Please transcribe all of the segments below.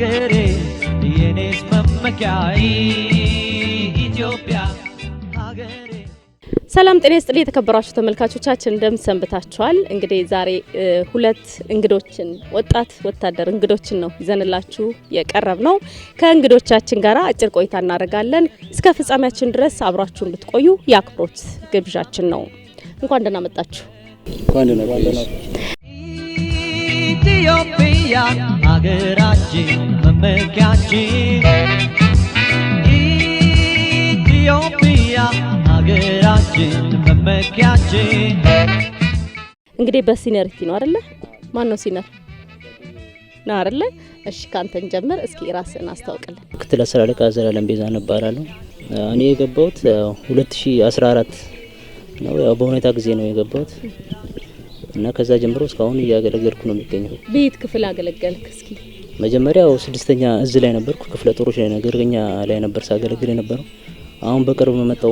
ሀገሬ የኔስ መመኪያዬ ኢትዮጵያ ሰላም ጤና ይስጥልኝ የተከበራችሁ ተመልካቾቻችን እንደምን ሰንብታችኋል? እንግዲህ ዛሬ ሁለት እንግዶችን ወጣት ወታደር እንግዶችን ነው ይዘንላችሁ የቀረብ ነው። ከእንግዶቻችን ጋር አጭር ቆይታ እናደርጋለን። እስከ ፍጻሜያችን ድረስ አብራችሁ እንድትቆዩ የአክብሮት ግብዣችን ነው። እንኳን ደህና መጣችሁ። ሀገራችን መመኪያችን ኢትዮጵያ ሀገራችን መመኪያችን። እንግዲህ በሲነሪቲ ነው አይደለ? ማን ነው ሲነር ነው አይደለ? እሺ ካንተን ጀምር እስኪ ራስን አስታውቅልን። ምክትል አስር አለቃ ዘላለም ቤዛ እባላለሁ። እኔ የገባሁት 2014 ነው። ያው በሁኔታ ጊዜ ነው የገባሁት እና ከዛ ጀምሮ እስካሁን እያገለገልኩ ነው የሚገኘው። በየት ክፍል አገለገልክ? እስኪ መጀመሪያው ስድስተኛ እዝ ላይ ነበርኩ። ክፍለ ጦሮች ላይ ነገርኛ ላይ ነበር ሳገለግል የነበረው። አሁን በቅርብ በመጣው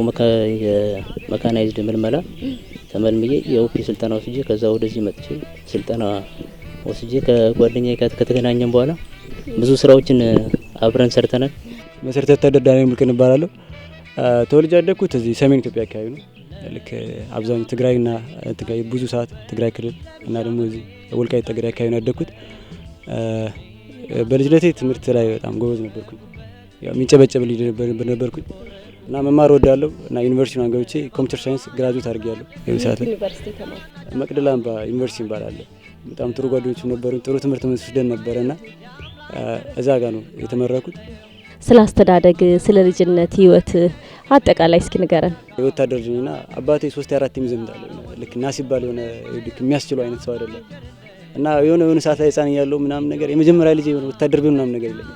መካናይዝድ ምልመላ ተመልምዬ የኦፒ ስልጠና ወስጄ ከዛ ወደዚህ መጥቼ ስልጠና ወስጄ ከጓደኛ ከተገናኘን በኋላ ብዙ ስራዎችን አብረን ሰርተናል። መሰረተ ተደዳሚ ሙልቅን እባላለሁ። ተወልጄ ያደግኩት እዚህ ሰሜን ኢትዮጵያ አካባቢ ነው። ልክ አብዛኛው ትግራይና ትግራይ ብዙ ሰዓት ትግራይ ክልል እና ደግሞ እዚህ ወልቃይት ጠገዴ አካባቢ ነው ያደግኩት። በልጅነቴ ትምህርት ላይ በጣም ጎበዝ ነበርኩኝ። የሚንጨበጨብ ልጅ ነበርኩኝ እና መማር ወዳለው እና ዩኒቨርሲቲ ነው ገብቼ ኮምፒውተር ሳይንስ ግራጁዌት አድርጌያለሁ። ሳት መቅደላ አምባ ዩኒቨርሲቲ ይባላል። በጣም ጥሩ ጓደኞች ነበሩ። ጥሩ ትምህርት መስደን ነበረ እና እዛ ጋ ነው የተመረኩት። ስለ አስተዳደግ፣ ስለ ልጅነት ህይወት አጠቃላይ እስኪ ንገረን። የወታደር ልጅና አባቴ ሶስት አራት የሚዘምጣል ልክ ናስ ይባል የሆነ ልክ የሚያስችለው አይነት ሰው አይደለም እና የሆነ የሆነ ሰዓት ላይ ህፃን እያለሁ ምናምን ነገር የመጀመሪያ ልጅ የሆነ ወታደር ቢሆን ምናምን ነገር የለም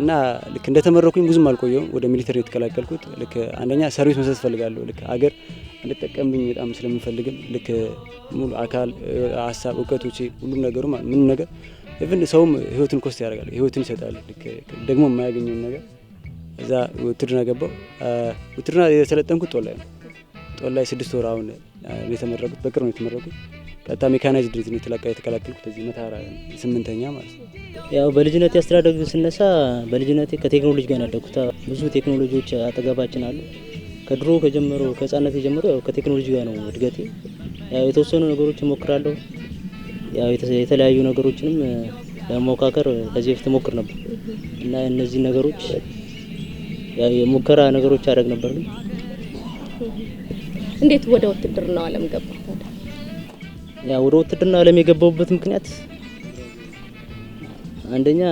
እና ልክ እንደተመረኩኝ ብዙም አልቆየሁም ወደ ሚሊተሪ የተቀላቀልኩት። ልክ አንደኛ ሰርቪስ መስጠት እፈልጋለሁ። ልክ አገር እንድጠቀምብኝ በጣም ስለምፈልግም ልክ ሙሉ አካል፣ ሀሳብ፣ እውቀቶቼ ሁሉም ነገሩ ምንም ነገር ኢቭን ሰውም ህይወትን ኮስት ያደርጋል። ህይወትን ይሰጣል። ልክ ደግሞ የማያገኘውን ነገር እዛ ውትድርና ገባው። ውትድርና የሰለጠንኩት ጦላይ ነው። ጦላይ ስድስት ወር አሁን ነው የተመረቁት፣ በቅርብ ነው የተመረቁት። ቀጥታ ሜካናይዝድ ነው የተከላከልኩት እዚህ መታ ስምንተኛ ማለት ነው። ያው በልጅነት ያስተዳደግ ስነሳ በልጅነት ከቴክኖሎጂ ጋር ያደግኩት ብዙ ቴክኖሎጂዎች አጠገባችን አሉ። ከድሮ ከጀመሮ ከህጻነት የጀመሮ ከቴክኖሎጂ ጋር ነው እድገቴ። ያው የተወሰኑ ነገሮች እሞክራለሁ። ያው የተለያዩ ነገሮችንም ለመሞካከር ከዚህ በፊት ሞክር ነበር እና እነዚህ ነገሮች የሙከራ ነገሮች አደረግ ነበር። ግን እንዴት ወደ ውትድርና ዓለም ገባ? ያ ወደ ውትድርና ዓለም የገባሁበት ምክንያት አንደኛ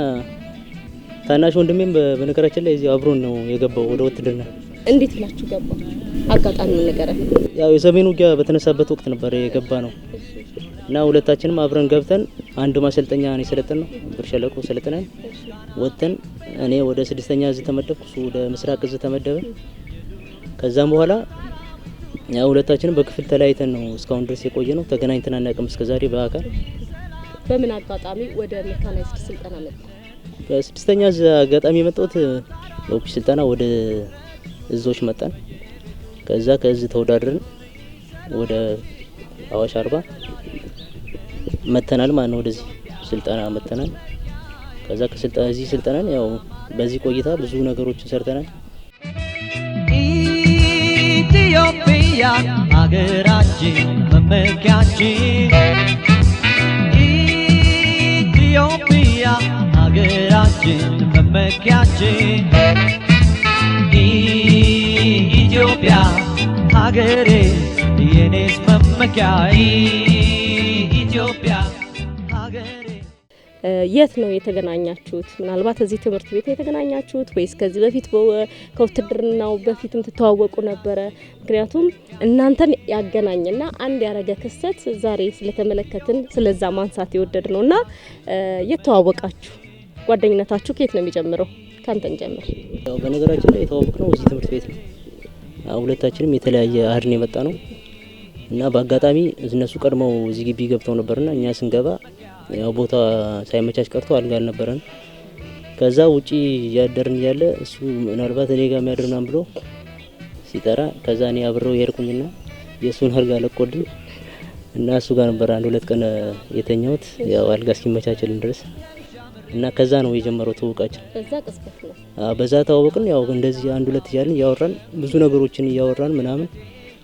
ታናሽ ወንድሜም በነገራችን ላይ እዚህ አብሮን ነው የገባው ወደ ውትድርና። እንዴት ብላችሁ ገባ? አጋጣሚ ነገር ያው የሰሜኑ ውጊያ በተነሳበት ወቅት ነበር የገባ ነው እና ሁለታችንም አብረን ገብተን አንድ ማሰልጠኛ ነው የሰለጠን ነው ብርሸለቆ ሰለጥነን ወጥተን እኔ ወደ ስድስተኛ እዝ ተመደብኩ፣ እሱ ወደ ምስራቅ እዝ ተመደበ። ከዛም በኋላ ያው ሁለታችንም በክፍል ተለያይተን ነው እስካሁን ድረስ የቆየ ነው። ተገናኝተን አናውቅም እስከዛሬ በአካል። በምን አጋጣሚ ወደ ሜካናይዝድ ስልጠና መጣ? በስድስተኛ እዝ አጋጣሚ የመጣሁት በኦፊስ ስልጠና ወደ እዞች መጣን። ከዛ ከእዝ ተወዳድረን ወደ አዋሽ አርባ መተናል ማለት ነው። ወደዚህ ስልጠና መተናል። ከዛ እዚህ ስልጠናን ያው በዚህ ቆይታ ብዙ ነገሮችን ሰርተናል። ኢትዮጵያ ሀገራችን መመኪያችን፣ ኢትዮጵያ ሀገራችን መመኪያችን፣ ኢትዮጵያ ሀገሬ የኔስ መመኪያ የት ነው የተገናኛችሁት? ምናልባት እዚህ ትምህርት ቤት የተገናኛችሁት ወይስ ከዚህ በፊት ከውትድርናው በፊትም ትተዋወቁ ነበረ? ምክንያቱም እናንተን ያገናኝና አንድ ያረገ ክስተት ዛሬ ስለተመለከትን ስለዛ ማንሳት የወደድ ነው እና የተዋወቃችሁ ጓደኝነታችሁ ከየት ነው የሚጀምረው? ከአንተን ጀምር። በነገራችን ላይ የተዋወቅ ነው እዚህ ትምህርት ቤት ነው። ሁለታችንም የተለያየ አድን የመጣ ነው እና በአጋጣሚ እነሱ ቀድመው እዚህ ግቢ ገብተው ነበርና እኛ ስንገባ ያው ቦታ ሳይመቻች ቀርቶ አልጋ አልነበረን። ከዛ ውጪ እያደርን እያለ እሱ ምናልባት እኔ ጋር የሚያድር ምናምን ብሎ ሲጠራ ከዛ እኔ አብረው የሄድኩኝና የእሱን አልጋ ለቆልኝ እና እሱ ጋር ነበር አንድ ሁለት ቀን የተኛሁት ያው አልጋ እስኪመቻችልን ድረስ እና ከዛ ነው የጀመረው ትውቃችን። በዛ ታወቅን። ያው እንደዚህ አንድ ሁለት እያልን እያወራን ብዙ ነገሮችን እያወራን ምናምን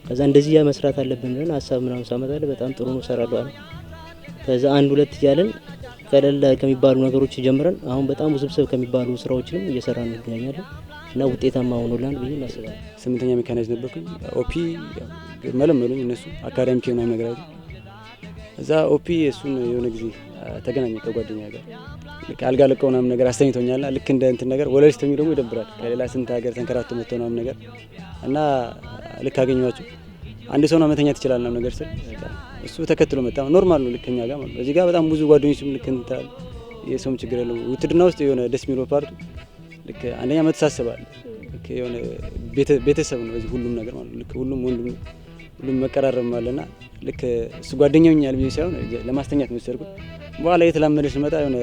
ከዛ እንደዚህ ያ መስራት አለብን ብለን ሀሳብ ምናምን ሳመጣለ በጣም ጥሩ ነው ሰራለዋል ከዛ አንድ ሁለት እያለን ቀለል ከሚባሉ ነገሮች ጀምረን አሁን በጣም ውስብስብ ከሚባሉ ስራዎችንም እየሰራ እንገኛለን እና ውጤታማ ሆኖላን ብዬ እናስባለን። ስምንተኛ ሜካናይዝ ነበርኩኝ። ኦፒ መለመሉኝ እነሱ አካዳሚክ የሆነ ነገር አለ እዛ ኦፒ እሱን የሆነ ጊዜ ተገናኘ ከጓደኛ ጋር አልጋ ለቀው ምናምን ነገር አስተኝቶኛልና ልክ እንደ እንትን ነገር ወለል ሲተኙ ደግሞ ይደብራል። ከሌላ ስንት ሀገር ተንከራቶ መጥተው ምናምን ነገር እና ልክ አገኘኋቸው። አንድ ሰውን መተኛት ትችላል ምናምን ነገር ስል እሱ ተከትሎ መጣ። ኖርማል ነው፣ ልክ ጋር ማለት እዚህ ጋር በጣም ብዙ ጓደኞችም ልክ እንትላል። የሰውም ችግር ያለው ውትድና ውስጥ የሆነ ደስ የሚለው ፓርቱ ልክ አንደኛ መተሳሰባል። ልክ የሆነ ቤተሰብ ነው እዚህ ሁሉም ነገር ማለት ነው። ልክ ሁሉም ወንድም ሁሉም መቀራረብ አለና ልክ እሱ ጓደኛውኛል ብዬ ሳይሆን ለማስተኛት ነው የወሰድኩት። በኋላ የተላመደ ስመጣ የሆነ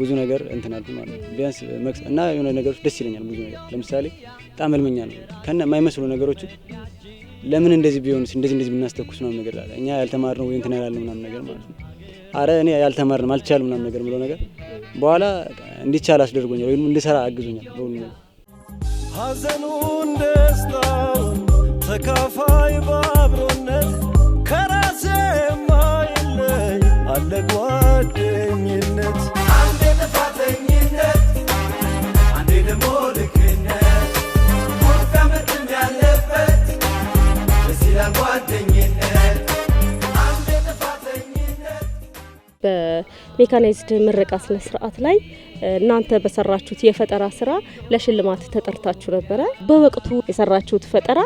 ብዙ ነገር እንትን ማለት ቢያንስ ቢያንስ እና የሆነ ነገሮች ደስ ይለኛል ብዙ ነገር። ለምሳሌ በጣም እልመኛ ነው ከነ የማይመስሉ ነገሮች ለምን እንደዚህ ቢሆን እንደዚህ እንደዚህ ብናስተኩስ ነው ነገር አለ እኛ ያልተማርነው ወይ እንትን ያላልነው ምናምን ነገር ማለት ነው። አረ እኔ ያልተማርንም አልቻልም ምናምን ነገር ብሎ ነገር በኋላ እንዲቻል አስደርጎኛል ወይም እንድሰራ አግዞኛል። በሁሉ ነገር ሀዘኑን ደስታውን ተካፋይ በአብሮነት ሜካናይዝድ ምረቃ ስነ ስርዓት ላይ እናንተ በሰራችሁት የፈጠራ ስራ ለሽልማት ተጠርታችሁ ነበረ። በወቅቱ የሰራችሁት ፈጠራ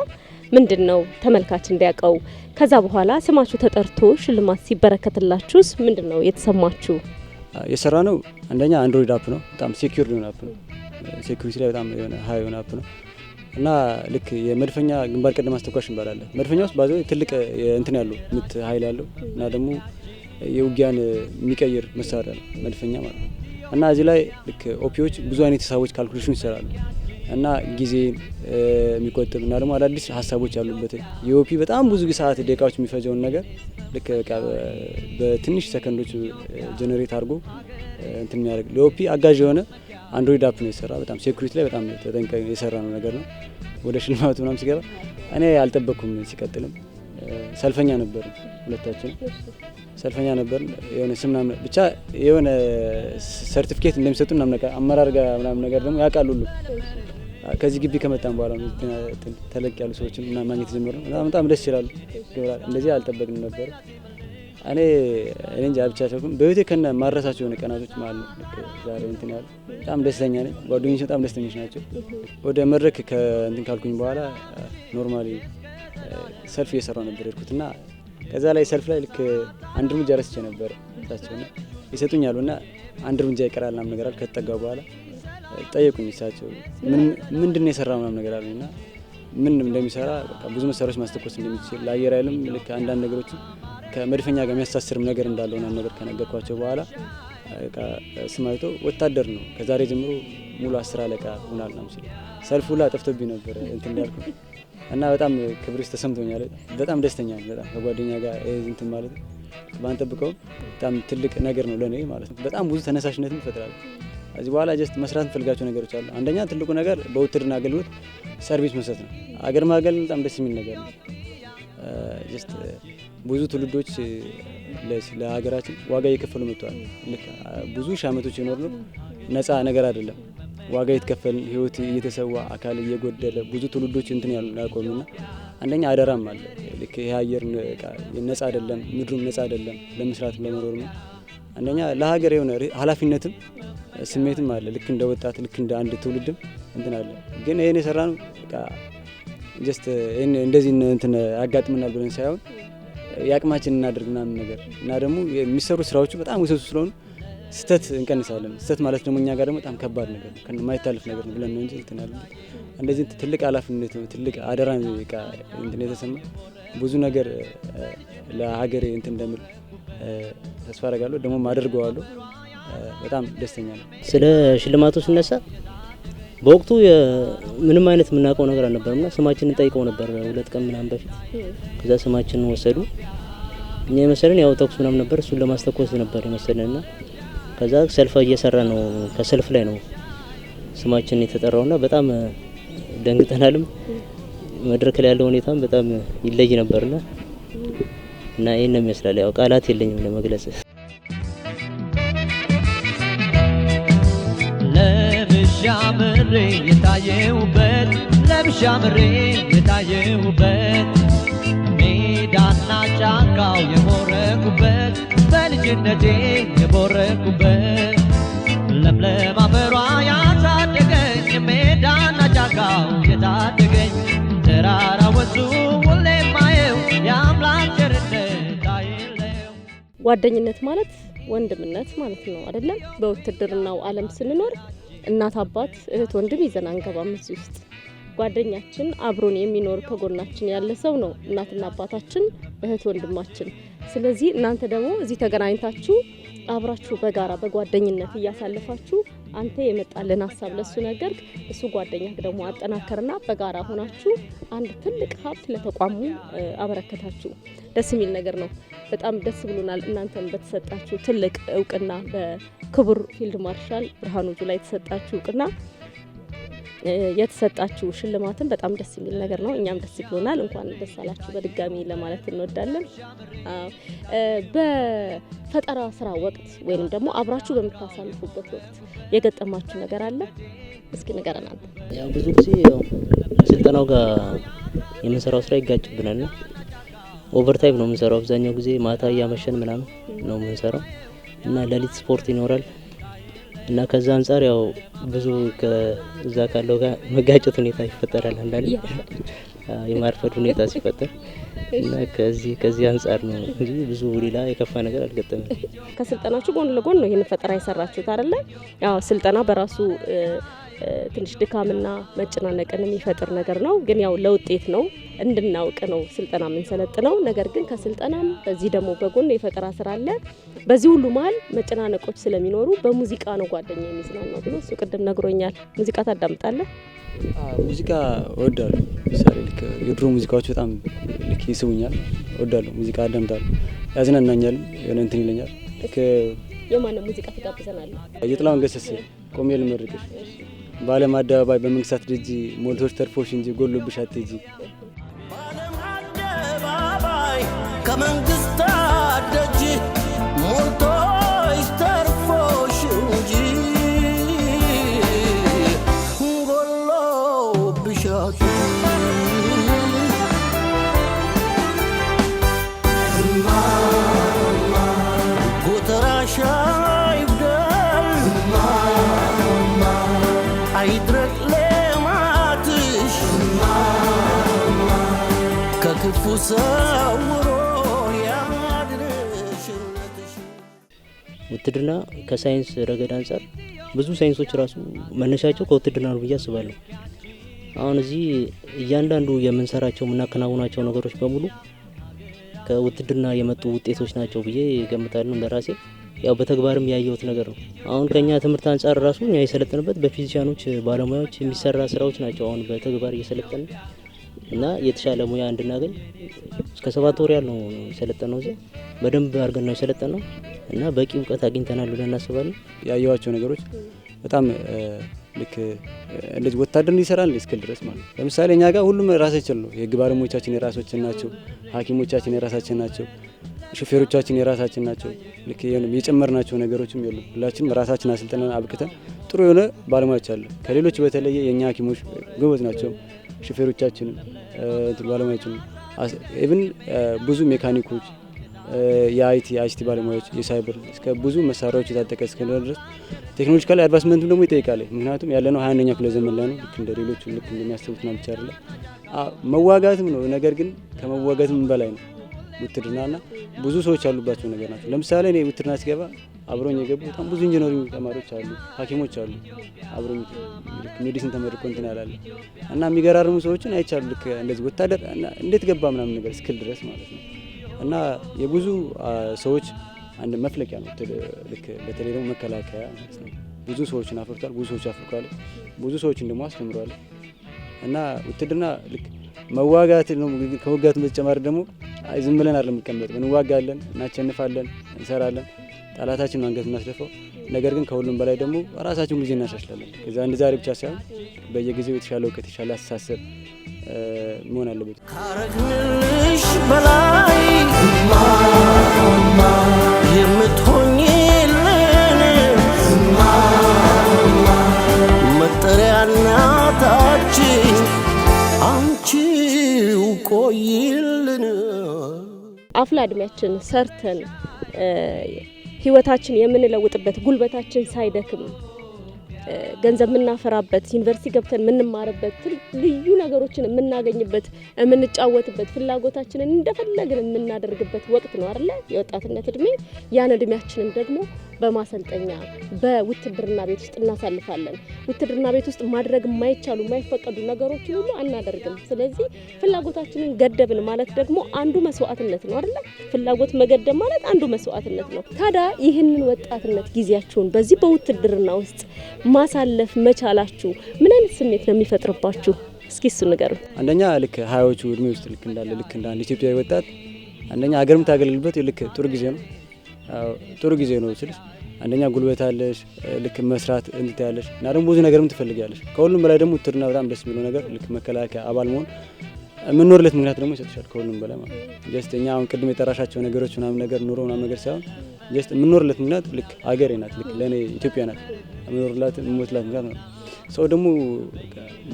ምንድን ነው? ተመልካች እንዲያውቀው። ከዛ በኋላ ስማችሁ ተጠርቶ ሽልማት ሲበረከትላችሁስ ምንድን ነው የተሰማችሁ? የሰራ ነው አንደኛ አንድሮይድ አፕ ነው። በጣም ሴኪር የሆነ አፕ ነው። ሴኪሪቲ ላይ በጣም የሆነ ሀይ የሆነ አፕ ነው እና ልክ የመድፈኛ ግንባር ቀደም አስተኳሽ እንባላለን። መድፈኛ ውስጥ ባዘ ትልቅ እንትን ያለው ምት ሀይል ያለው እና ደግሞ የውጊያን የሚቀይር መሳሪያ ነው መድፈኛ ማለት ነው። እና እዚህ ላይ ልክ ኦፒዎች ብዙ አይነት ሂሳቦች ካልኩሌሽን ይሰራሉ እና ጊዜ የሚቆጥብ እና ደግሞ አዳዲስ ሀሳቦች ያሉበት የኦፒ በጣም ብዙ ሰዓት ደቂቃዎች የሚፈጀውን ነገር ልክ በትንሽ ሰከንዶች ጀነሬት አድርጎ እንትን የሚያደርግ ለኦፒ አጋዥ የሆነ አንድሮይድ አፕ ነው የሰራ። በጣም ሴኩሪቲ ላይ በጣም ተጠንቀ የሰራ ነው ነገር ነው። ወደ ሽልማቱ ምናም ሲገባ እኔ አልጠበኩም ሲቀጥልም ሰልፈኛ ነበር ሁለታችን ሰልፈኛ ነበር። የሆነ ስም ብቻ የሆነ ሰርቲፊኬት እንደሚሰጡ አመራር ጋር ምናምን ነገር ደግሞ ያውቃሉ ሁሉ ከዚህ ግቢ ከመጣን በኋላ ተለቅ ያሉ ሰዎችን ማግኘት ጀመሩ። በጣም ደስ ይላሉ። እንደዚህ አልጠበቅንም ነበር። እኔ እኔ እንጃ ብቻ ሰውኩም በቤቴ ከነ ማረሳቸው የሆነ ቀናቶች ማለት ዛሬ እንትን ያሉ በጣም ደስተኛ ነኝ። ጓደኞች በጣም ደስተኞች ናቸው። ወደ መድረክ ከእንትን ካልኩኝ በኋላ ኖርማሊ ሰልፍ እየሰራ ነበር ሄድኩት እና ከዛ ላይ ሰልፍ ላይ ልክ አንድ እርምጃ ረስቼ ነበር ና ይሰጡኛሉ አሉና አንድ እርምጃ ይቀራል ምናምን ነገር አሉ። ከተጠጋ በኋላ ጠየቁኝ እሳቸው ምንድን ነው የሰራ ምናምን ነገር አሉና ምን እንደሚሰራ ብዙ መሳሪያዎች ማስተኮስ እንደሚችል ለአየር ኃይልም ልክ አንዳንድ ነገሮች ከመድፈኛ ጋር የሚያሳስርም ነገር እንዳለሆነ ነገር ከነገርኳቸው በኋላ ስማይቶ ወታደር ነው። ከዛሬ ጀምሮ ሙሉ አስር አለቃ ሆናል ነው ሲል ሰልፉ ላይ ጠፍቶብኝ ነበር እንትን እንዳልኩ እና በጣም ክብር ውስጥ ተሰምቶኛል። በጣም ደስተኛ በጣም ከጓደኛ ጋር እንትን ማለት ባንጠብቀውም በጣም ትልቅ ነገር ነው ለእኔ ማለት ነው። በጣም ብዙ ተነሳሽነትም ይፈጥራል። እዚህ በኋላ ጀስት መስራት እንፈልጋቸው ነገሮች አሉ። አንደኛ ትልቁ ነገር በውትድርና አገልግሎት ሰርቪስ መስጠት ነው። አገር ማገልገል በጣም ደስ የሚል ነገር ነው። ጀስት ብዙ ትውልዶች ለሀገራችን ዋጋ እየከፈሉ መጥተዋል። ብዙ ሺህ ዓመቶች ነው ነፃ ነገር አይደለም። ዋጋ የተከፈል ህይወት እየተሰዋ አካል እየጎደለ ብዙ ትውልዶች እንትን ያሉ ያቆሙና አንደኛ አደራም አለ። ልክ ይህ አየር ነፃ አይደለም፣ ምድሩም ነፃ አይደለም። ለመስራትም ለመኖርም አንደኛ ለሀገር የሆነ ኃላፊነትም ስሜትም አለ። ልክ እንደ ወጣት ልክ እንደ አንድ ትውልድም እንትን አለ። ግን ይህን የሰራ ነው ጀስት እንደዚህ እንትን ያጋጥመናል ብለን ሳይሆን የአቅማችን እናደርግ ምናምን ነገር እና ደግሞ የሚሰሩ ስራዎቹ በጣም ውሰቱ ስለሆኑ ስህተት እንቀንሳለን። ስህተት ማለት ደግሞ እኛ ጋር ደግሞ በጣም ከባድ ነገር ነው፣ ማይታለፍ ነገር ነው ብለን ነው እንጂ ትናለ እንደዚህ ትልቅ ኃላፊነት ነው ትልቅ አደራ እንትን የተሰማ ብዙ ነገር ለሀገሬ እንትን እንደምል ተስፋ አደርጋለሁ፣ ደግሞ አደርገዋለሁ። በጣም ደስተኛ ነው። ስለ ሽልማቱ ስነሳ በወቅቱ ምንም አይነት የምናውቀው ነገር አልነበረምና ስማችንን ጠይቀው ነበር ሁለት ቀን ምናምን በፊት። ከዛ ስማችንን ወሰዱ። እኛ የመሰለን ያው ተኩስ ምናምን ነበር እሱን ለማስተኮስ ነበር የመሰለንና ከዛ ሰልፍ እየሰራ ነው ከሰልፍ ላይ ነው ስማችንን የተጠራውና በጣም ደንግጠናልም። መድረክ ላይ ያለው ሁኔታም በጣም ይለይ ነበርና እና ይህን ነው የሚመስላል። ያው ቃላት የለኝም ለመግለጽ። ለብሻምሬ የታየውበት ለብሻምሬ የታየውበት ሜዳና ጫካው የቦረኩበት በልጅነቴ የቦረኩበት ለምለም አፈሯ ያሳደገኝ ሜዳና ጫካው የታደገኝ ተራራ ወንዙ ሁሌ ማየው የአምላክ ቸርነት አይለየው። ጓደኝነት ማለት ወንድምነት ማለት ነው አይደለም። በውትድርናው ዓለም ስንኖር እናት አባት፣ እህት ወንድም ይዘን አንገባም እዚህ ውስጥ። ጓደኛችን አብሮን የሚኖር ከጎናችን ያለ ሰው ነው እናትና አባታችን፣ እህት ወንድማችን። ስለዚህ እናንተ ደግሞ እዚህ ተገናኝታችሁ አብራችሁ በጋራ በጓደኝነት እያሳለፋችሁ አንተ የመጣልን ሀሳብ ለሱ ነገር እሱ ጓደኛ ደግሞ አጠናከርና በጋራ ሆናችሁ አንድ ትልቅ ሀብት ለተቋሙ አበረከታችሁ። ደስ የሚል ነገር ነው። በጣም ደስ ብሎናል። እናንተን በተሰጣችሁ ትልቅ እውቅና በክቡር ፊልድ ማርሻል ብርሃኑ ጁላ የተሰጣችሁ እውቅና የተሰጣችሁ ሽልማትን በጣም ደስ የሚል ነገር ነው። እኛም ደስ ብሎናል። እንኳን ደስ አላችሁ በድጋሚ ለማለት እንወዳለን። በፈጠራ ስራ ወቅት ወይም ደግሞ አብራችሁ በምታሳልፉበት ወቅት የገጠማችሁ ነገር አለ? እስኪ ንገረን። ያው ብዙ ጊዜ ስልጠናው ጋር የምንሰራው ስራ ይጋጭብናልና ኦቨርታይም ነው የምንሰራው። አብዛኛው ጊዜ ማታ እያመሸን ምናምን ነው የምንሰራው እና ሌሊት ስፖርት ይኖራል እና ከዛ አንጻር ያው ብዙ ከዛ ካለው ጋር መጋጨት ሁኔታ ይፈጠራል። አንዳንድ የማርፈድ ሁኔታ ሲፈጠር እና ከዚህ ከዚህ አንጻር ነው እንጂ ብዙ ሌላ የከፋ ነገር አልገጠመም። ከስልጠናችሁ ጎን ለጎን ነው ይህን ፈጠራ የሰራችሁት አይደለ? ስልጠና በራሱ ትንሽ ድካምና መጨናነቅን የሚፈጥር ነገር ነው። ግን ያው ለውጤት ነው እንድናውቅ ነው ስልጠና የምንሰለጥነው። ነገር ግን ከስልጠናም በዚህ ደግሞ በጎን የፈጠራ ስራ አለ። በዚህ ሁሉ መሀል መጨናነቆች ስለሚኖሩ በሙዚቃ ነው ጓደኛ የሚዝናን ነው ብሎ እሱ ቅድም ነግሮኛል። ሙዚቃ ታዳምጣለህ? ሙዚቃ እወዳለሁ። ምሳሌ ልክ የድሮ ሙዚቃዎች በጣም ልክ ይስቡኛል፣ እወዳለሁ። ሙዚቃ አዳምጣለሁ፣ ያዝናናኛል፣ የሆነ እንትን ይለኛል። የማንም ሙዚቃ ትጋብዘናለህ? የጥላሁን ገሰሰ ቆሜ ልመርቅሽ በዓለም አደባባይ በመንግስታት ድጅ ሞልቶች ተርፎሽ እንጂ ጎሎብሽ አትጂ። በዓለም አደባባይ ከመንግስታት ደጅ ውትድርና ከሳይንስ ረገድ አንጻር ብዙ ሳይንሶች ራሱ መነሻቸው ከውትድርና ነው ብዬ አስባለሁ። አሁን እዚህ እያንዳንዱ የምንሰራቸው የምናከናውናቸው ነገሮች በሙሉ ከውትድርና የመጡ ውጤቶች ናቸው ብዬ ገምታለሁ እንደራሴ። ያው በተግባርም ያየሁት ነገር ነው። አሁን ከኛ ትምህርት አንጻር ራሱ እኛ የሰለጠንበት በፊዚሽያኖች ባለሙያዎች የሚሰራ ስራዎች ናቸው። አሁን በተግባር እየሰለጠን እና የተሻለ ሙያ እንድናገኝ እስከ ሰባት ወር ያህል ነው የሰለጠነው። እዚህ በደንብ አድርገን ነው የሰለጠነው እና በቂ እውቀት አግኝተናል ብለን እናስባለን። ያየኋቸው ነገሮች በጣም ልክ እንደዚህ ወታደር ይሰራል እስክል ድረስ ማለት ነው። ለምሳሌ እኛ ጋር ሁሉም ራሳችን ነው። የህግ ባለሙያዎቻችን የራሳችን ናቸው። ሐኪሞቻችን የራሳችን ናቸው። ሾፌሮቻችን የራሳችን ናቸው። ልክ የጨመርናቸው ነገሮችም የሉ ሁላችንም ራሳችን አሰልጥነን አብቅተን ጥሩ የሆነ ባለሙያዎች አለ። ከሌሎች በተለየ የእኛ ሐኪሞች ጎበዝ ናቸው። ሾፌሮቻችንም ባለሙያዎችን ኢቭን ብዙ ሜካኒኮች፣ የአይቲ አይሲቲ ባለሙያዎች፣ የሳይበር እስከ ብዙ መሳሪያዎች የታጠቀ እስከሆነ ድረስ ቴክኖሎጂካል አድቫንስመንቱ ደግሞ ይጠይቃል። ምክንያቱም ያለነው ሀያ አንደኛ ክፍለ ዘመን ላይ ነው። ልክ እንደ ሌሎቹ ልክ እንደሚያስቡት ብቻ አይደለም መዋጋትም ነው። ነገር ግን ከመዋጋትም በላይ ነው ና ብዙ ሰዎች ያሉባቸው ነገር ናቸው። ለምሳሌ እኔ ውትድርና ሲገባ አብረኝ የገቡ በጣም ብዙ ኢንጂነሪንግ ተማሪዎች አሉ፣ ሐኪሞች አሉ። አብረኝ ሜዲሲን ተመርቆ እንትን ያላለ እና የሚገራርሙ ሰዎችን አይቻሉ። ልክ እንደዚህ ወታደር እንዴት ገባ ምናምን ነገር እስክል ድረስ ማለት ነው እና የብዙ ሰዎች አንድ መፍለቂያ ነው። ልክ በተለይ ደግሞ መከላከያ ማለት ነው። ብዙ ሰዎችን አፍርቷል፣ ብዙ ሰዎች አፍርቷል፣ ብዙ ሰዎችን ደግሞ አስተምሯል። እና ውትድርና ልክ መዋጋት ነው። ከውጋቱ በተጨማሪ ደግሞ ዝም ብለን አይደለም የምንቀመጥ፣ እንዋጋለን፣ እናቸንፋለን፣ እንሰራለን ጠላታችን አንገት እናስደፋው። ነገር ግን ከሁሉም በላይ ደግሞ ራሳችን ጊዜ እናሻሽላለን። ከዛ አንድ ዛሬ ብቻ ሳይሆን በየጊዜው የተሻለ እውቀት የተሻለ አስተሳሰብ መሆን አለበት። ካረግልሽ በላይ የምትሆኝልን መጠሪያና ታች አንቺው ቆይልን አፍላ እድሜያችን ሰርተን ህይወታችን የምንለውጥበት ጉልበታችን ሳይደክም ገንዘብ የምናፈራበት ዩኒቨርሲቲ ገብተን የምንማርበት ልዩ ነገሮችን የምናገኝበት የምንጫወትበት ፍላጎታችንን እንደፈለግን የምናደርግበት ወቅት ነው አይደለ? የወጣትነት እድሜ ያን እድሜያችንን ደግሞ በማሰልጠኛ በውትድርና ቤት ውስጥ እናሳልፋለን። ውትድርና ቤት ውስጥ ማድረግ የማይቻሉ የማይፈቀዱ ነገሮችን ሁሉ አናደርግም። ስለዚህ ፍላጎታችንን ገደብን ማለት ደግሞ አንዱ መስዋዕትነት ነው አይደለ? ፍላጎት መገደብ ማለት አንዱ መስዋዕትነት ነው። ታዲያ ይህንን ወጣትነት ጊዜያችሁን በዚህ በውትድርና ውስጥ ማሳለፍ መቻላችሁ ምን አይነት ስሜት ነው የሚፈጥርባችሁ? እስኪ እሱ ንገሩን። አንደኛ ልክ ሀያዎቹ እድሜ ውስጥ ልክ እንዳለ ልክ እንደ አንድ ኢትዮጵያዊ ወጣት አንደኛ ሀገርም ታገለልበት ልክ ጥሩ ጊዜ ነው። ጥሩ ጊዜ ነው ስልሽ አንደኛ ጉልበት አለሽ፣ ልክ መስራት እንት ያለሽ እና ደግሞ ብዙ ነገርም ትፈልጊያለሽ። ከሁሉም በላይ ደግሞ ውትድርና በጣም ደስ የሚለው ነገር ልክ መከላከያ አባል መሆን የምንኖርለት ምክንያት ደግሞ ይሰጥሻል። ከሁሉም በላይ ማለት ጀስት እኛ አሁን ቅድም የጠራሻቸው ነገሮች ምናምን ነገር ኑሮ ምናምን ነገር ሳይሆን ጀስት የምንኖርለት ምክንያት ልክ ሀገሬ ናት፣ ልክ ለእኔ ኢትዮጵያ ናት። የምኖርላት የምሞትላት ምክንያት ነው። ሰው ደግሞ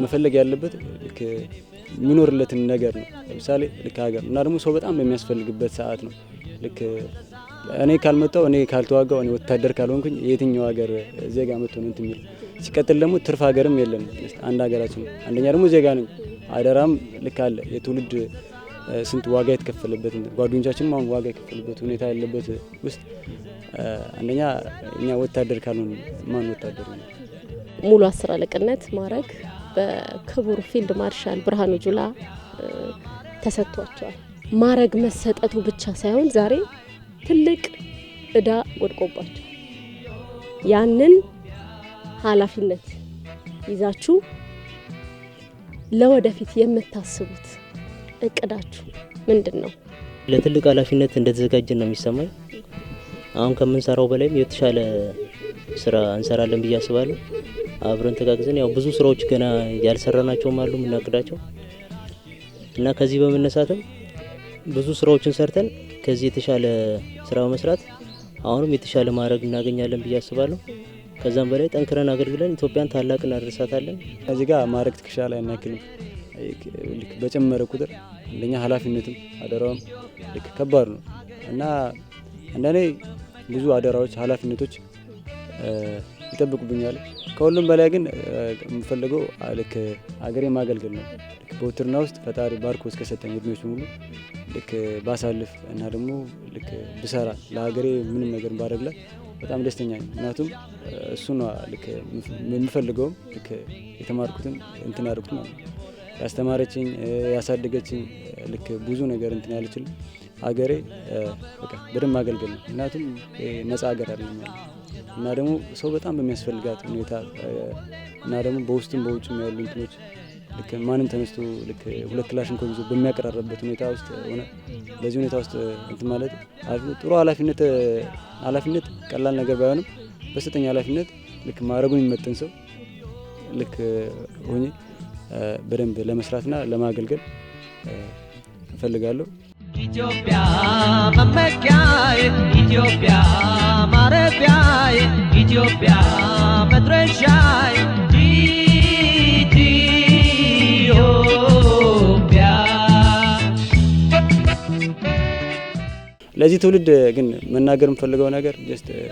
መፈለግ ያለበት ልክ የሚኖርለትን ነገር ነው። ለምሳሌ ልክ ሀገር እና ደግሞ ሰው በጣም በሚያስፈልግበት ሰዓት ነው ልክ እኔ ካልመጣው እኔ ካልተዋጋው እኔ ወታደር ካልሆንኩኝ የትኛው ሀገር ዜጋ መጥቶ ነው እንትን የሚል። ሲቀጥል ደግሞ ትርፍ ሀገርም የለም አንድ ሀገራችን አንደኛ ደግሞ ዜጋ ነኝ። አደራም ልክ አለ የትውልድ ስንት ዋጋ የተከፈለበት ጓደኞቻችንም አሁን ዋጋ የከፈለበት ሁኔታ ያለበት ውስጥ አንደኛ እኛ ወታደር ካልሆን ማን ወታደር ነው? ሙሉ አስር አለቅነት ማድረግ በክቡር ፊልድ ማርሻል ብርሃኑ ጁላ ተሰጥቷቸዋል። ማድረግ መሰጠቱ ብቻ ሳይሆን ዛሬ ትልቅ እዳ ወድቆባቸው ያንን ኃላፊነት ይዛችሁ ለወደፊት የምታስቡት እቅዳችሁ ምንድን ነው? ለትልቅ ኃላፊነት እንደተዘጋጀን ነው የሚሰማኝ። አሁን ከምንሰራው በላይም የተሻለ ስራ እንሰራለን ብዬ አስባለሁ። አብረን ተጋግዘን ያው ብዙ ስራዎች ገና ያልሰራናቸውም አሉ የምናቅዳቸው እና ከዚህ በመነሳትም ብዙ ስራዎችን ሰርተን ከዚህ የተሻለ ስራ መስራት አሁንም የተሻለ ማድረግ እናገኛለን ብዬ አስባለሁ። ከዛም በላይ ጠንክረን አገልግለን ኢትዮጵያን ታላቅ እናደርሳታለን። ከዚህ ጋር ማድረግ ትከሻ ላይ እናክልም በጨመረ ቁጥር እንደኛ ኃላፊነትም አደራውም ልክ ከባድ ነው እና አንዳንዴ ብዙ አደራዎች፣ ኃላፊነቶች ይጠብቁብኛል። ከሁሉም በላይ ግን የምፈልገው ልክ አገሬ ማገልገል ነው። በውትርና ውስጥ ፈጣሪ ባርኮ እስከሰጠኝ እድሜዎች ሙሉ ልክ ባሳልፍ እና ደግሞ ልክ ብሰራ ለሀገሬ ምንም ነገር ባደግ በጣም ደስተኛ ነኝ። ምክንያቱም እሱ ነው ልክ የምፈልገውም ልክ የተማርኩትን እንትን ያደርጉት ማለት ነው ያስተማረችኝ ያሳደገችኝ ልክ ብዙ ነገር እንትን ያለችል ሀገሬ በቃ በደንብ አገልገል ነው። ምክንያቱም ነፃ ሀገር አይደለም እና ደግሞ ሰው በጣም በሚያስፈልጋት ሁኔታ እና ደግሞ በውስጥም በውጭም ያሉ እንትኖች ልክ ማንም ተነስቶ ልክ ሁለት ክላሽን ይዞ በሚያቀራረበት ሁኔታ ውስጥ ሆነ በዚህ ሁኔታ ውስጥ እንትን ማለት ጥሩ ኃላፊነት ኃላፊነት ቀላል ነገር ባይሆንም በስተኛ ኃላፊነት ልክ ማድረጉን የሚመጥን ሰው ልክ ሆኜ በደንብ ለመስራትና ለማገልገል እፈልጋለሁ። ኢትዮጵያ መመኪያዬ፣ ኢትዮጵያ ማረፊያዬ፣ ኢትዮጵያ መድረሻዬ ለዚህ ትውልድ ግን መናገር የምፈልገው ነገር ጀስት uh,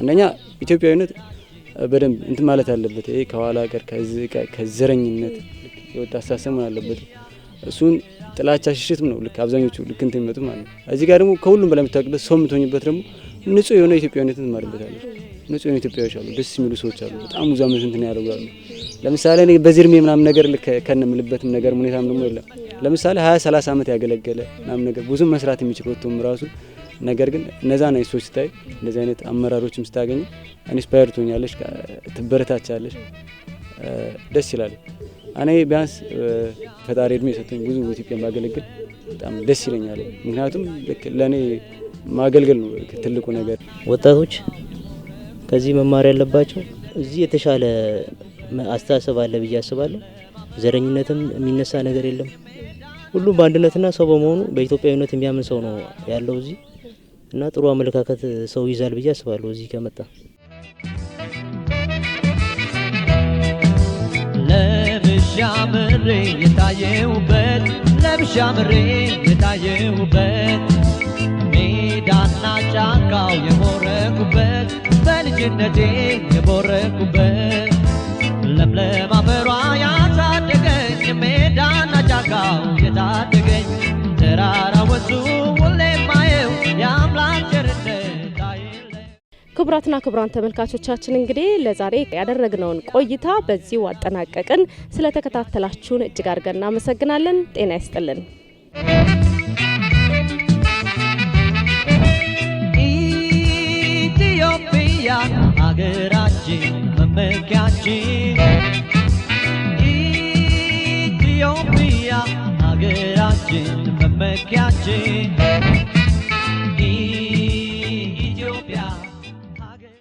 አንደኛ ኢትዮጵያዊነት uh, በደንብ እንትን ማለት አለበት። ይሄ ከኋላ ቀር ከዘረኝነት የወጣ አስተሳሰብ አለበት። እሱን ጥላቻ ሽሽትም ነው ልክ አብዛኞቹ ልክ እንትን ይመጡ ማለት ነው። እዚህ ጋር ደግሞ ከሁሉም በላይ የምታወቅበት ሰው የምትሆኝበት ደግሞ ንጹህ የሆነ ኢትዮጵያዊነትን ትማርበታለች። ንጹህ የሆነ ኢትዮጵያዎች አሉ፣ ደስ የሚሉ ሰዎች አሉ፣ በጣም ብዙ ዓመት እንትን ያደርጉ አሉ። ለምሳሌ እኔ በዚህ እድሜ ምናምን ነገር ከነምልበትም ነገር ሁኔታም ደግሞ የለም። ለምሳሌ ሀያ ሰላሳ ዓመት ያገለገለ ምናምን ነገር ብዙ መስራት የሚችል ወጥቶም ራሱ ነገር ግን እነዛ ነው ሰዎች ስታይ እንደዚህ አይነት አመራሮችም ስታገኝ ኢንስፓየር ትሆኛለች፣ ትበረታቻለች፣ ደስ ይላል። እኔ ቢያንስ ፈጣሪ እድሜ የሰጠኝ ብዙ ኢትዮጵያን ባገለግል በጣም ደስ ይለኛል። ምክንያቱም ለእኔ ማገልገል ነው ትልቁ ነገር። ወጣቶች ከዚህ መማር ያለባቸው እዚህ የተሻለ አስተሳሰብ አለ ብዬ አስባለሁ። ዘረኝነትም የሚነሳ ነገር የለም። ሁሉም በአንድነትና ሰው በመሆኑ በኢትዮጵያዊነት የሚያምን ሰው ነው ያለው እዚህ እና ጥሩ አመለካከት ሰው ይዛል ብዬ አስባለሁ እዚህ ከመጣ ለብሻምሬ የታየውበት ለብሻምሬ የታየውበት ሜዳና ጫካው የቦረኩበት በልጅነቴ የቦረኩበት ለምለም አፈሯ ያሳደገኝ ሜዳና ጫካው የታደገኝ ተራራ ወንዙ ሁሌ ማየው የአምላክ ቸርነት ክቡራትና ክቡራን ተመልካቾቻችን እንግዲህ ለዛሬ ያደረግነውን ቆይታ በዚሁ አጠናቀቅን። ስለተከታተላችሁን እጅግ አድርገን እናመሰግናለን። ጤና ይስጥልን። ኢትዮጵያ ሀገራችን መመኪያችን ኢትዮጵያ ሀገራችን መመኪያችን